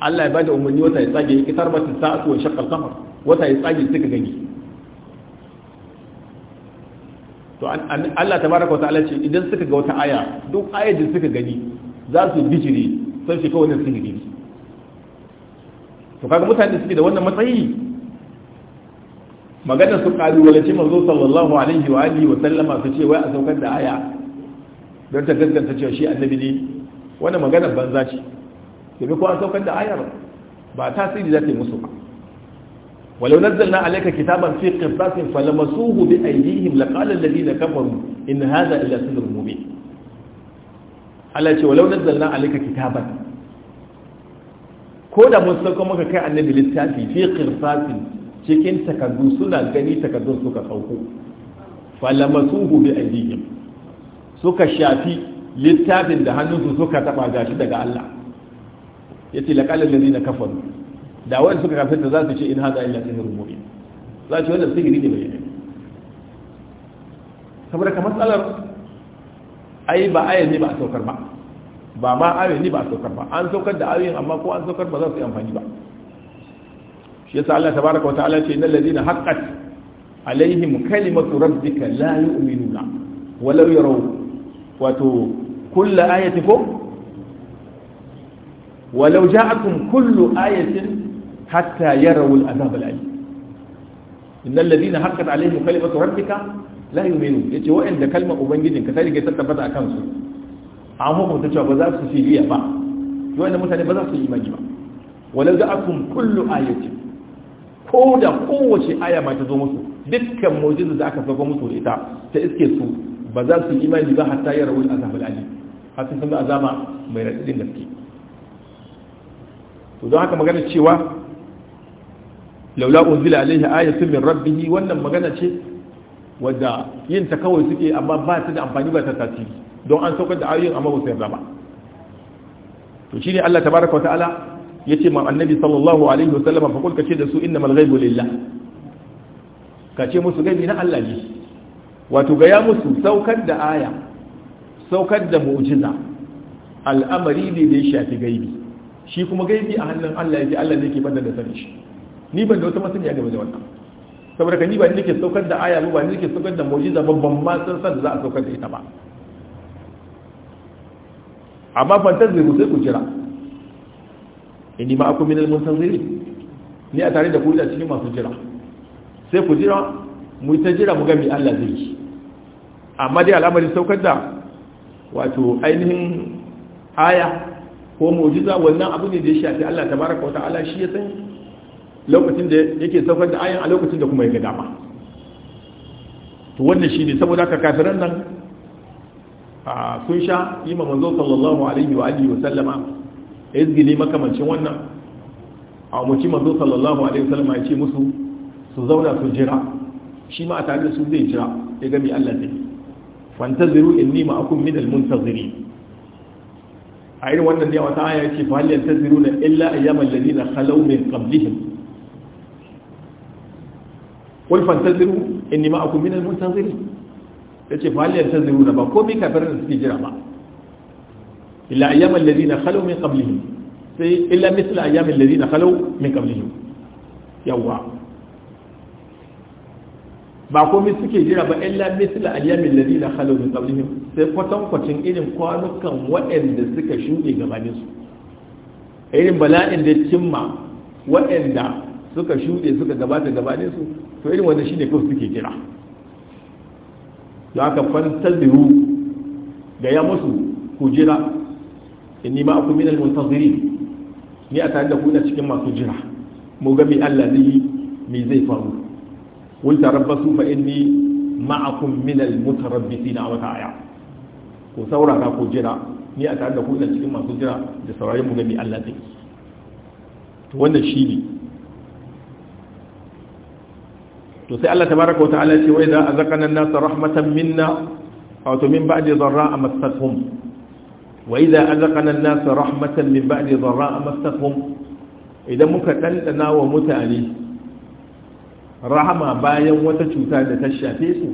Allah ya bada umarni wata ya tsage yake tarbata sa'atu wa shakkar qamar wata ya tsage suka gani to Allah tabaraka wa ta'ala ce idan suka ga wata aya duk ayar da suka gani za su bijire sai shi suka gani. to kaga mutane da suke da wannan matsayi magana su kalubalance manzo sallallahu alaihi wa alihi wa sallama su ce wai a saukar da aya don ta gaskanta cewa shi annabi ne Wani magana banza ce domin ko a saukar da ayar ba tasiri za ta yi musu ba ولو نزلنا عليك كتابا في قرطاس فلمسوه بأيديهم لقال الذين كفروا إن هذا illa سحر مبين Allah ce walau nazzalna alayka kitaban ko da mun sauka maka kai annabi littafi fi qirsasin cikin takardu suna gani takardun suka sauko falamasuhu bi aidihim suka shafi littafin da hannunsu suka taba gashi daga Allah yace laqal ladina kafaru da wani suka kafirta za su ce in hada illa sihrun mubin za su ce wannan sihiri ne bayyana saboda kamar matsalar ai ba ayin ne ba a saukar ba ba ma ayin ne ba a saukar ba an saukar da ayoyin amma ko an saukar ba za su yi amfani ba shi yasa Allah tabaraka wataala ce innal ladina haqqat alaihim kalimatu rabbika la yu'minuna walau yaraw wato kullu ayatin ko walau ja'akum kullu ayatin hatta yarawu al'azab al'alim innal ladina haqqat alaihim kalimatu rabbika la yu'minun yace wa'anda kalmar ubangijin ka sai ga tabbata akan su an hukunta cewa ba za su shiriya ba wa'anda mutane ba za su yi imani ba walau ja'akum kullu ayatin ko da kowace aya ma ta zo musu dukkan mujizu da aka sako musu da ita ta iske su ba za su imani ba hatta ya rawul al ali har sun ga azaba mai radadin gaske to don haka magana cewa laula unzila alaihi ayatun min rabbih wannan magana ce wadda yin ta kawai suke amma ba ta da amfani ba ta tasiri don an saukar da ayoyin amma ba su yarda ba to shine Allah tabaraka wa ta'ala yace ma annabi sallallahu alaihi wasallam fa kulka ce da su innamal ghaibu lillah ka ce musu gaibi na Allah ne wato ga ya musu saukar da aya saukar da mu'jiza al'amari ne da ya shafi gaibi shi kuma gaibi a hannun Allah yake Allah ne ke banda da sani shi ni ban da wata masaniya game da wannan saboda ka ni ba ni nake saukar da aya ba ba ni nake saukar da mu'jiza ba ban ma san san da za a saukar da ita ba amma fantar mu sai ku jira inni ma akum minal muntazirin ni a tare da ku ina cikin masu jira sai ku jira mu ta jira mu ga mi Allah zai yi amma dai al'amarin saukar da wato ainihin aya ko mu'jiza wannan abu ne da ya shafi Allah tabaraka wata'ala shi ya san lokacin da yake saukar da ayan a lokacin da kuma ya ga dama to wannan shi ne saboda haka kafiran nan sun sha yi ma manzo sallallahu alaihi wa alihi wa sallama izgili makamancin wannan a umarci manzo sallallahu alaihi wasallam ya ce musu su zauna su jira shi ma a tare da su zai jira ya ga mai Allah zai fantaziru inni ma'akum min almuntazirin a irin wannan ne wata aya ce fa hal yantaziruna illa ayyamal ladina khalaw min qablihim qul fantaziru inni ma'akum min almuntazirin yace fa hal yantaziruna ba komai kafirin da suke jira ba illa ayyamal ladina khalu min qablihim sai illa misla ayyamal ladina khalu min qablihim yawa ba komai suke jira ba illa misla ayyamin ladina khalu min qablihim sai kwatan kwatin irin kwanukan waɗanda suka shuɗe gabanin su irin bala'in da cimma waɗanda suka shuɗe suka gabata gabanin su to irin wanda shine ko suke jira da aka fantaziru da ya musu ku jira inni ma aku minal muntazirin ni a tare da ku ina cikin masu jira mu ga me Allah zai yi me zai faru wal tarabbasu fa inni ma'akum minal mutarabbisin a wata aya ku saurara ku jira ni a tare da ku ina cikin masu jira da saurari mu ga me Allah zai yi to wannan shi ne to sai Allah tabaraka wa ta'ala ce wa idza azaqana an-nasa rahmatan minna aw to min ba'di dharra'a massatuhum وإذا أذقنا الناس رحمة من بعد ضراء مستهم idan muka ɗanɗana wa mutane rahama bayan wata cuta da ta shafe su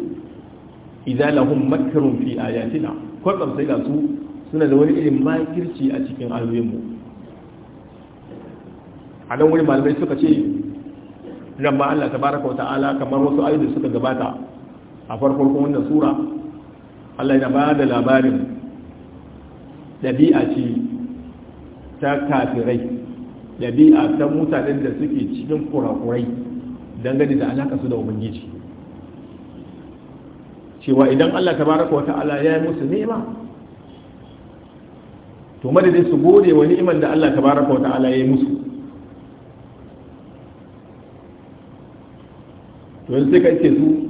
izalahun makarun fi ayatina kwatsam sai ga su suna da wani irin makirci a cikin alwemu a nan wani malamai suka ce nan ba Allah ta baraka wa ta'ala kamar wasu ayyudu suka gabata a farkon wannan sura Allah ya ba da labarin ɗabi'a ce ta kafirai ɗabi'a ta mutanen da suke cikin kurakurai dangane da alaka su da ubangiji cewa idan allah ta baraka wata ala ya yi musu nema to madadin su gode wa ni'imar da allah ta baraka wata ala ya yi musu to yanzu sai ka ce su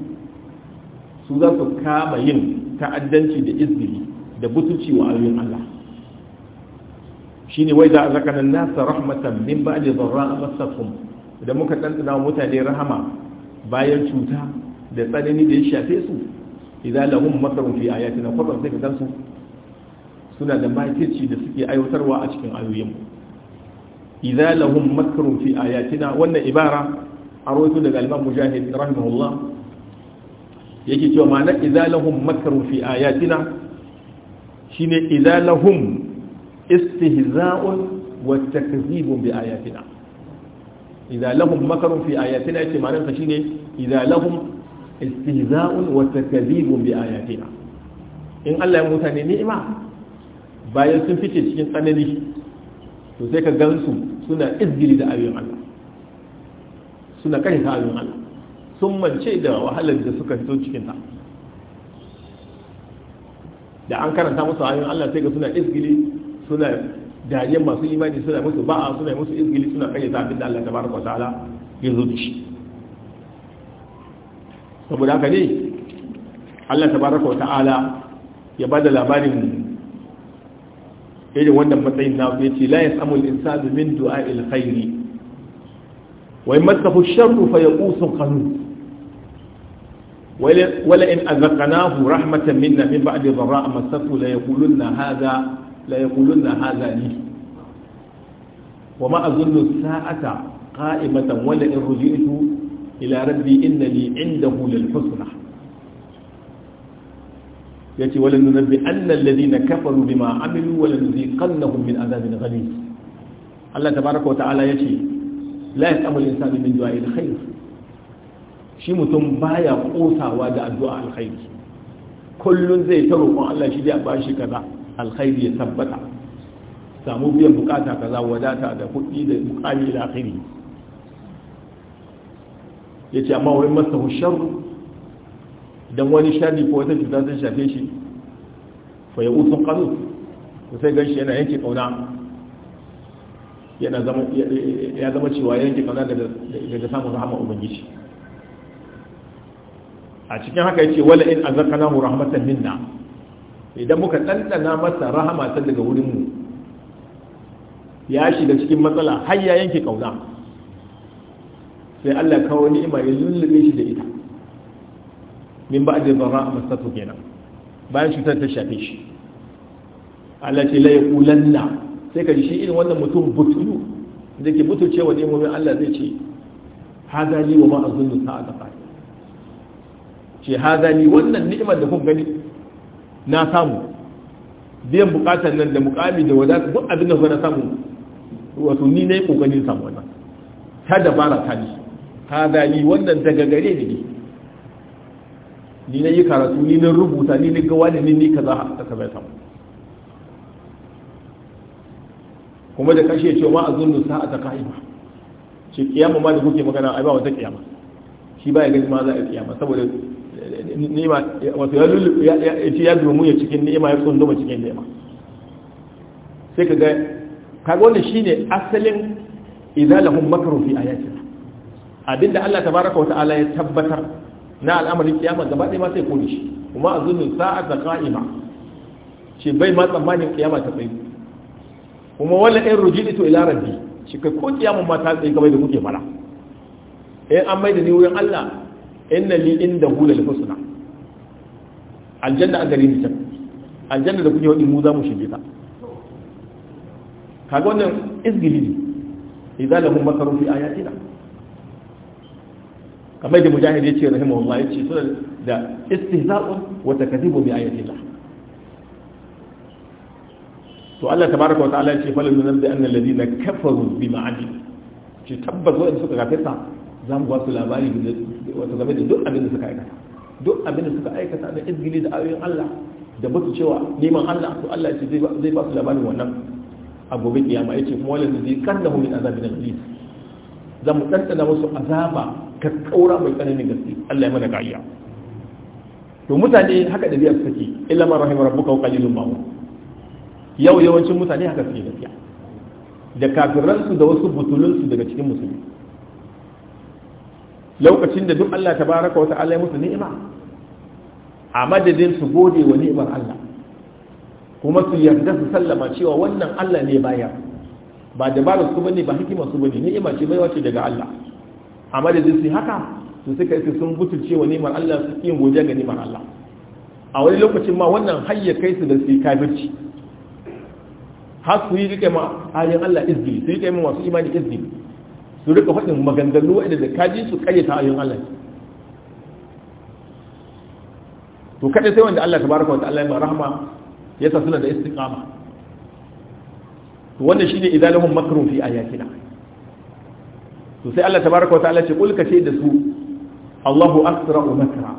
su za su kama yin ta'addanci da izini da butunci wa ayoyin allah shine wai za a zaka nasa rahmatan min ba'di a massatuhum da muka dantsana mutane rahama bayan cuta da tsanani da ya shafe su idan lahum makarun fi ayatina kwatsam sai ka gansu suna da makirci da suke aiwatarwa a cikin ayoyin idan lahum makarun fi ayatina wannan ibara a rawaito daga al-Imam Mujahid rahimahullah yake cewa ma'anar idan lahum makarun fi ayatina shine idan lahum istihza'un wa takzibun bi ayatina idza lahum makarun fi ayatina yace ma'anar ka shine idza lahum istihza'un wa takzibun bi ayatina in Allah ya mutane ni'ima bayan sun fice cikin tsanani to sai ka gansu suna izgili da ayoyin Allah suna kai ta ayoyin Allah sun mance da wahalar da suka fito cikin ta da an karanta musu ayoyin Allah sai ga suna izgili suna dariyar masu imani suna musu ba'a suna musu izgili suna kayyata abin da Allah tabaraka wa ta'ala ya zo da shi saboda haka ne Allah tabaraka wa ta'ala ya bada labarin irin wannan matsayin na ya ce la yasamu al-insanu min du'a'il khairi wa in masahu sharru fa yaqusun qanut wala in azaqnahu rahmatan minna min ba'di dharra'a masatu la yaqulunna hadha la yaqulunna hadha li wa ma azunnu sa'ata qa'imatan wa la in ruji'tu ila rabbi innani 'indahu lil husna yace wala nunabbi anna alladhina kafaru bima amilu wa lanziqannahum min adhabin ghalib Allah tabaaraka wa ta'ala yace la yasamu al-insanu min du'a al-khair shi mutum baya kosawa da addu'a alkhairi kullun zai taro roƙon Allah shi da bashi kaza alkhairi ya tabbata samu biyan bukata kaza wadata da kuɗi da mukami da akhiri yace amma wani masa hushar dan wani sharri ko wata cuta ta shafe shi fa ya usun qalu sai ganshi yana yanke kauna ya zama cewa yanke kauna daga daga samun rahama ubangiji a cikin haka yace wala in azakanahu rahmatan minna idan muka ɗanɗana masa rahama ta daga wurinmu ya shiga cikin matsala har ya yanke ƙauna sai Allah kawo ni'ima ya lullube shi da ita min ba da zara a kenan bayan cutar ta shafe shi Allah ce la yaqulanna sai ka ji shi irin wannan mutum butulu da ke butulce wa nemomin Allah zai ce hada ni wa ma azunnu sa'a ta ce hada ni wannan ni'imar da kun gani na samu biyan bukatar nan da mukami da wadata duk abin da na samu wato ni na yi kokarin samu wannan ta dabara ta ni ta dali wannan daga gare ni ni na yi karatu ni na rubuta ni na gawa ni ne kaza ta kaza samu kuma da kashe cewa a zunnu sa'a ta ka'ima ce kiyama ma da kuke magana ai ba wata kiyama shi ba ya gani ma za a kiyama saboda ni'ima wato ya lullu ya ci ya domin ya cikin ni'ima ya tsunduma cikin ni'ima sai ka ga kaga wannan shine asalin idza lahum makru fi ayatina abinda Allah tabaraka wa ta'ala ya tabbatar na al'amarin kiyama gaba ɗaya ma sai kone shi kuma azunnu sa'ata qa'ima ce bai ma tsammanin kiyama ta tsaye kuma wala in rujitu ila rabbi shi kai ko kiyama ma ta tsaye gaba da kuke fara in an mai da ni wurin Allah inna li inda da husna aljanna a gare ni aljanna da kuke wadi mu za mu shige ta kaga wannan izgili ne idan lahum makaru fi ayatina kamar da mujahid ya ce rahimahullah ya ce suna da istihza'un wa takadibu bi ayatillah to Allah tabaraka wa ta'ala ya ce falal min anna alladhina kafaru bima amilu ce tabbas wa'in suka gafarta za mu ba su labari wata game da duk abin da suka aikata duk abin da suka aikata na izgili da ayoyin Allah da ba su cewa neman Allah to Allah ce zai ba su labarin wannan a gobe kiyama yace kuma wala zai kannahu min azabin iblis za mu tantana musu azaba ka kaura mai tsananin gaske Allah ya mana kariya to mutane haka da biyar suke illa ma rahimar rabbuka wa qalilun ma yau yawancin mutane haka suke gaskiya da kafiransu da wasu butulunsu daga cikin musulmi lokacin da duk Allah ta baraka wa ta'ala ya musu ni'ima a madadin su gode wa ni'imar Allah kuma su yarda su sallama cewa wannan Allah ne baya ba dabarar su bane ba hikimar su bane ni'ima ce baiwa ce daga Allah a madadin su haka su suka yi sun butulce wa ni'imar Allah su yin godiya ga ni'imar Allah a wani lokacin ma wannan hayya kai su da su kafirci har su yi rike ma ayin Allah izgili su yi kai masu imani izgili su rika faɗin maganganu waɗanda da kaji su ƙaryata ayoyin Allah to kaɗai sai wanda Allah ta tabaraka wata Allah ya rahama ya sa suna da istiƙama. to wannan shine idan lahum makrun fi ayatina to sai Allah tabaraka wa ta'ala ce kulka ce da su Allahu asra'u makra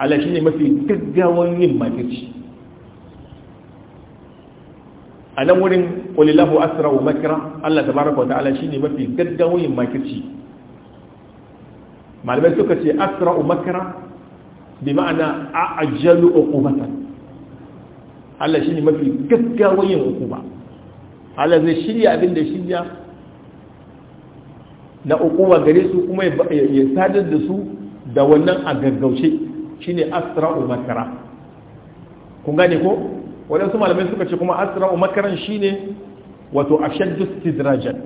Allah shine mafi gaggawan yin makirci a nan wurin qulilahu asra'u makra Allah tabaraka wa ta'ala shine mafi gaggawoyin makirci malamai suka ce asra'u makra bi ma'ana a'jalu uqubata Allah shine mafi gaggawoyin uquba Allah zai shirya abin da shirya na uquba gare su kuma ya sadar da su da wannan a gaggauce shine asra'u makra kun gane ko waɗansu malamai suka ce kuma asra'u makaran shine wato ashaddu istidrajan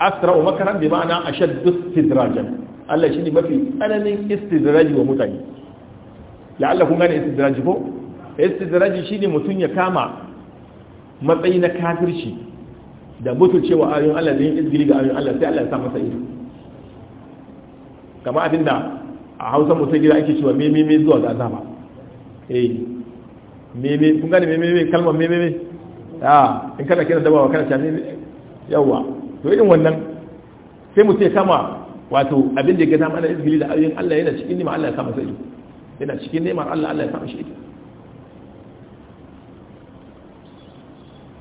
asra'u makaran bi ma'ana ashaddu istidrajan Allah shine mafi tsananin istidraji wa mutane la'alla kun gane istidraji ko istidraji shine mutun ya kama matsayi na kafirci da mutuncewa ayoyin Allah da yin izgiri ga ayoyin Allah sai Allah ya sa masa ido kama abinda a Hausa mutum gida ake cewa me zuwa ga azaba eh meme kun gane meme meme kalmar meme meme a ah, in kana kira dabawa kana ta meme yawa to irin wannan sai mu ce kama wato abin da ya gada mana izgili da ayoyin Allah yana cikin nima Allah ya kama sai yana cikin neman Allah Allah ya kama shi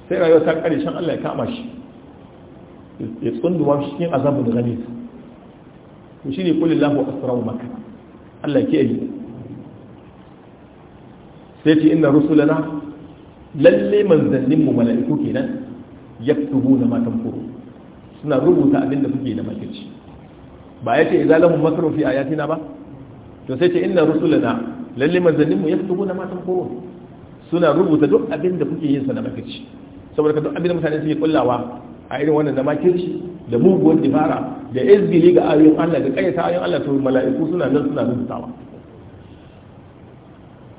sai rayuwa ta kare shan Allah ya kama shi ya tsunduma shi cikin azabun gani to shine kulillahu asra'u maka Allah ke yi sai ce ina rusulana lalle manzannin mu mala'iku kenan na matan tamkuru suna rubuta abinda da kuke da makirci ba ya ce ya lahum makarofi fi yatina ba to sai ce ina rusulana lalle manzannin mu na matan tamkuru suna rubuta duk abinda kuke yin sa na makirci saboda ka duk abinda mutane suke kullawa a irin wannan na makirci da muguwar dibara da izgili ga ayoyin Allah da kayyata ayoyin Allah to mala'iku suna nan suna rubutawa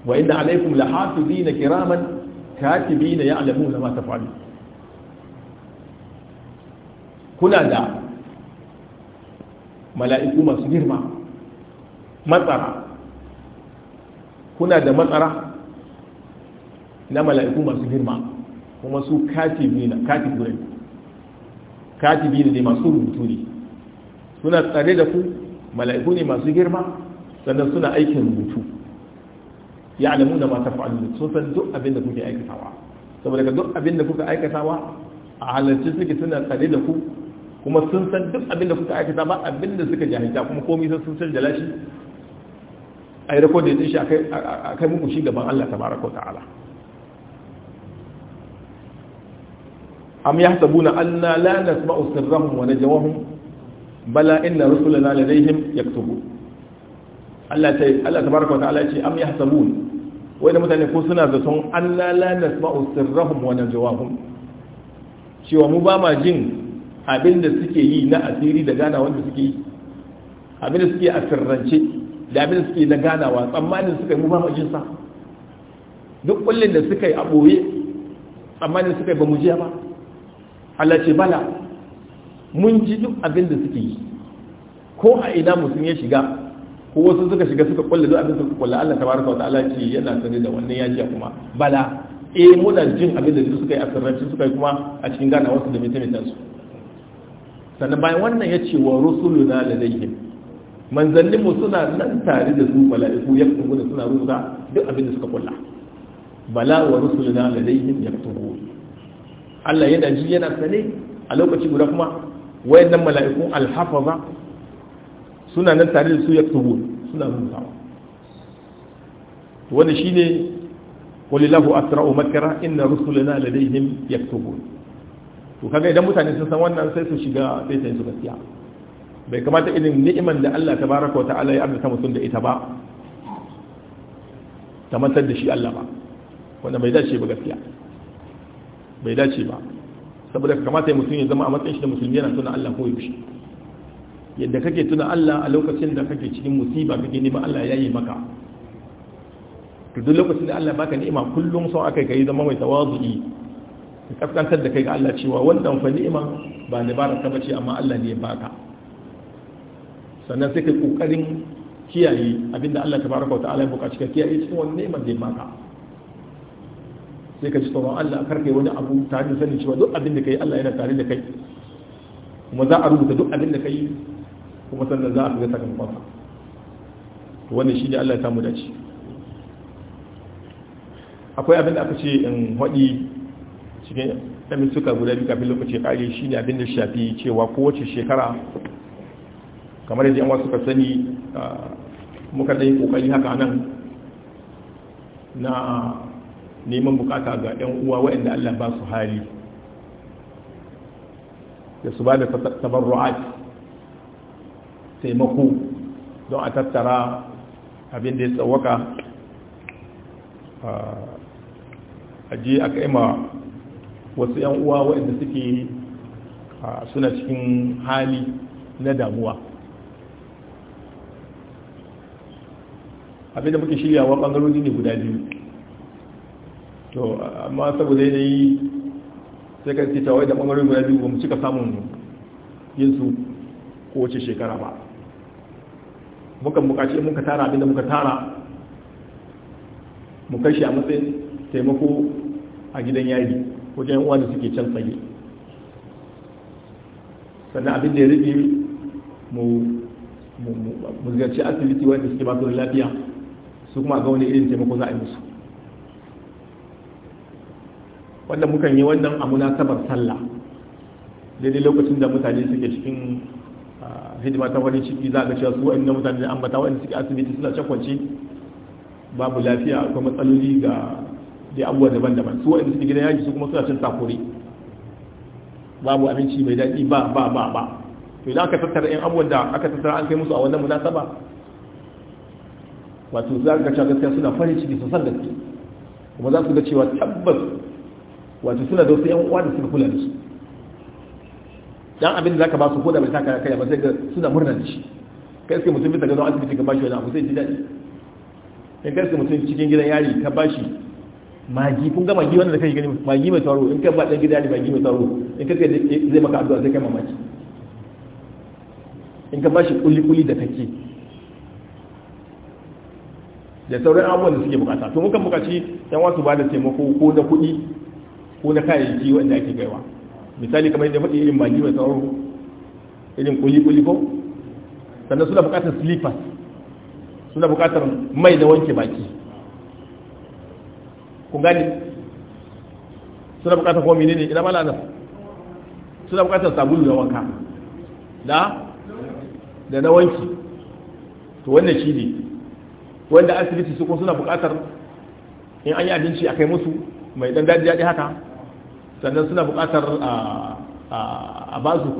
wa inna alaikum lahafizina kiraman katibina ya'lamuna ma taf'alun kuna da mala'iku masu girma matsara kuna da matsara na mala'iku masu girma kuma su katibina katibina katibina ne masu rubutu ne suna tsare da ku mala'iku ne masu girma sannan suna aikin rubutu ya'lamuna ma taf'alun sun san duk abin da kuke aikatawa saboda duk abin da kuka aikatawa a halarci suke suna tsare da ku kuma sun san duk abin da kuka aikata ba abin da suka jahilta kuma komai sai sun san A yi rikodin din shi a kai muku shi gaban Allah tabaraka wa ta'ala am yahsabuna anna la nasma'u sirrahum wa najwahum bala inna rusulana ladayhim yaktubun Allah ta Allah tabaraka ta'ala ya ce am yahsabun wai da mutane ko suna da son Allah la nasma'u sirrahum wa najwahum cewa mu ba ma jin abin da suke yi na asiri da gana wanda suke yi abin da suke a sirrance da abin da suke na ganawa tsammanin suka yi mu ba ma jin sa duk kullun da suka yi a boye tsammanin suka yi ba mu ji ba Allah ce bala mun ji duk abin da suke yi ko a ina mutum ya shiga ko wasu suka shiga suka kulle duk abin suka kulle Allah tabaraka wa ta'ala ce yana sani da wannan yaji kuma bala eh muna jin abin da suka yi a sirrance suka yi kuma a cikin gana wasu da da su sannan bayan wannan ya ce wa rusuluna ladaihim mu suna nan tare da su mala'iku ya kungu da suna rubuta duk abin da suka kulla bala wa rusuluna ladaihim ya kungu Allah yana ji yana sane a lokaci guda kuma wayannan mala'ikun alhafaza suna nan tare da su ya tubu suna rubutawa wanda shine walilahu asra'u makara inna rusulana ladaihim yaktubun to kaga idan mutane sun san wannan sai su shiga sai sai su gaskiya bai kamata irin ni'iman da Allah tabaraka wa ta'ala ya arzuta mutum da ita ba ta matar da shi Allah ba wanda bai dace ba gaskiya bai dace ba saboda kamata mutum ya zama a matsayin shi da musulmi yana sunan Allah ko yaushe yadda kake tuna Allah a lokacin da kake cikin musiba kake nema Allah ya yi maka to duk lokacin da Allah baka ni'ima kullum sau akai kai zama mai tawazu'i ka kaskantar da kai ga Allah cewa wannan fa ni'ima ba ba ta bace amma Allah ne ya baka sannan sai kai kokarin kiyaye abinda Allah tabaraka wataala ya buƙaci ka kiyaye cikin wannan ni'ima da ya baka sai ka ji tsoron Allah karka yi wani abu tare da sanin cewa duk abin da kai Allah yana tare da kai kuma za a rubuta duk abin da kai kuma sannan za a ga sakamakonsa wannan shi ne Allah ya samu dace akwai abin aka ce in haɗi cikin ɗamin suka guda biyu kafin lokaci ƙari shi ne abin da shafi cewa kowace shekara kamar yadda yanwa suka sani muka ɗaya ƙoƙari haka nan na neman bukata ga ɗan uwa waɗanda Allah ba su hali da su ba da tabarru'ati taimako don a tattara abin da ya tsawaka a je a kaima wasu 'yan uwa waɗanda suke suna cikin hali na damuwa abinda muke shiryawa ɓangarori ne guda biyu to amma saboda yanayi sai ka ce tawai da ɓangarori guda biyu ba mu cika samun yin su kowace shekara ba muka bukaci muka tara abinda muka tara mu shi a matsayin taimako a gidan yari wajen uwa da suke can tsaye sannan abin da ya rage mu ziyarci asibiti wanda suke ba su da lafiya su kuma ga wani irin taimako za a yi musu wannan mukan yi wannan a munasabar sallah daidai lokacin da mutane suke cikin hidima ta wani ciki za ga cewa su na mutane da ambata wa'in suke asibiti suna cakwanci babu lafiya ko matsaloli ga da abuwa daban-daban su wa'anda suke gidan yaji su kuma suna cin takuri babu abinci mai daɗi ba ba ba ba to idan aka tattara yan abubuwan da aka tattara an kai musu a wannan munasaba wato za ga cewa gaskiya suna farin ciki sosan gaske kuma za su ga cewa tabbas wato suna da wasu yan uwa da suka kula da su dan abin da zaka ba su ko da bai saka kai ba sai ga suna murna da shi kai sai mutum bisa ga zuwa asibiti ka bashi wani abu sai ji daɗi in kai sai mutum cikin gidan yari ka bashi magi kun ga magi wanda kai gani magi mai taro in kai ba dan gidan yari magi mai taro in kai zai maka addu'a sai kai mamaki in ka bashi kulli kulli da kake da sauran abubuwan da suke bukata to mukan bukaci yan wasu ba da taimako ko na kuɗi ko na kayayyaki wanda ake gaiwa misali kamar yadda faɗi irin magi mai sauro irin kuli-kuli ko sannan suna buƙatar slippers suna buƙatar mai da wanke baki ku gani suna buƙatar kuma menene ina mala nan suna buƙatar sabulu da wanka da da na wanki to wannan shi ne wanda asibiti su kuma suna buƙatar in an yi abinci a kai musu mai dan daji haka sannan suna bukatar a ba su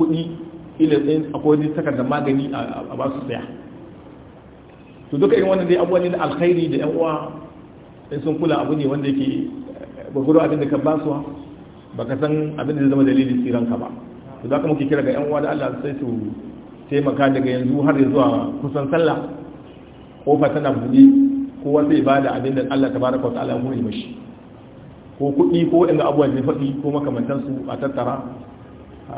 ila tsayin akwai takardar magani a ba su saya to duka yin wannan dai abuwa ne na alkhairi da 'yan uwa in sun kula abu ne wanda yake gwagwaro eh, abin da ka ba su ba ka san abin da zai zama dalilin tsiranka ba to za ka muke kira ga 'yan uwa da allah sai su taimaka daga yanzu har ya zuwa kusan sallah kofa tana buɗe kowa zai ba da abin da allah ta baraka wata ala ya mashi ko kuɗi ko inda abubuwan da faɗi ko makamantansu a tattara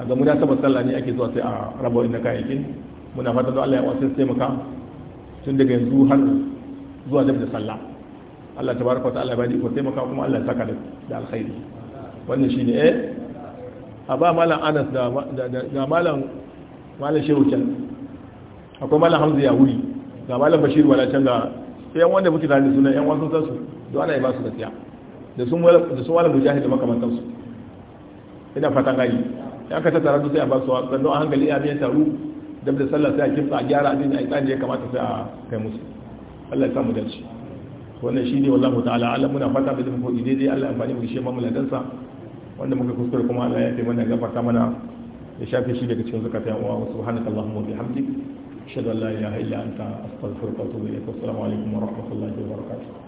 ga muna saboda sallah ne ake zuwa sai a raba inda kayayyakin muna fata da Allah ya wasu taimaka tun daga yanzu har zuwa dab da sallah Allah tabaraka wa ta'ala ya bani ko maka kuma Allah ya saka da alkhairi wannan shine eh a ba malam Anas da da malam malam Shehu can akwai malam Hamza ya wuri ga malam Bashir wala can ga yan wanda muke tare da sunan yan wasu san su don ana yi ba su gaskiya da sun wala mujahid da su ina fata gani ya ka tattara su sai a basu sannan a hankali ya biya taru da da sallah sai a kimsa a gyara abin da aikan da ya kamata sai a kai musu Allah ya samu dalci wannan ne wallahu ta'ala Allah muna fata da mu kodi daidai Allah amfani mu shi mamlakan sa wanda muka kuskure kuma Allah ya taimaka mana gafarta mana ya shafe shi daga cikin zakata yan uwa subhanakallahumma wa bihamdik ashhadu an la ilaha illa anta astaghfiruka wa atubu ilaik assalamu alaikum wa rahmatullahi wa barakatuh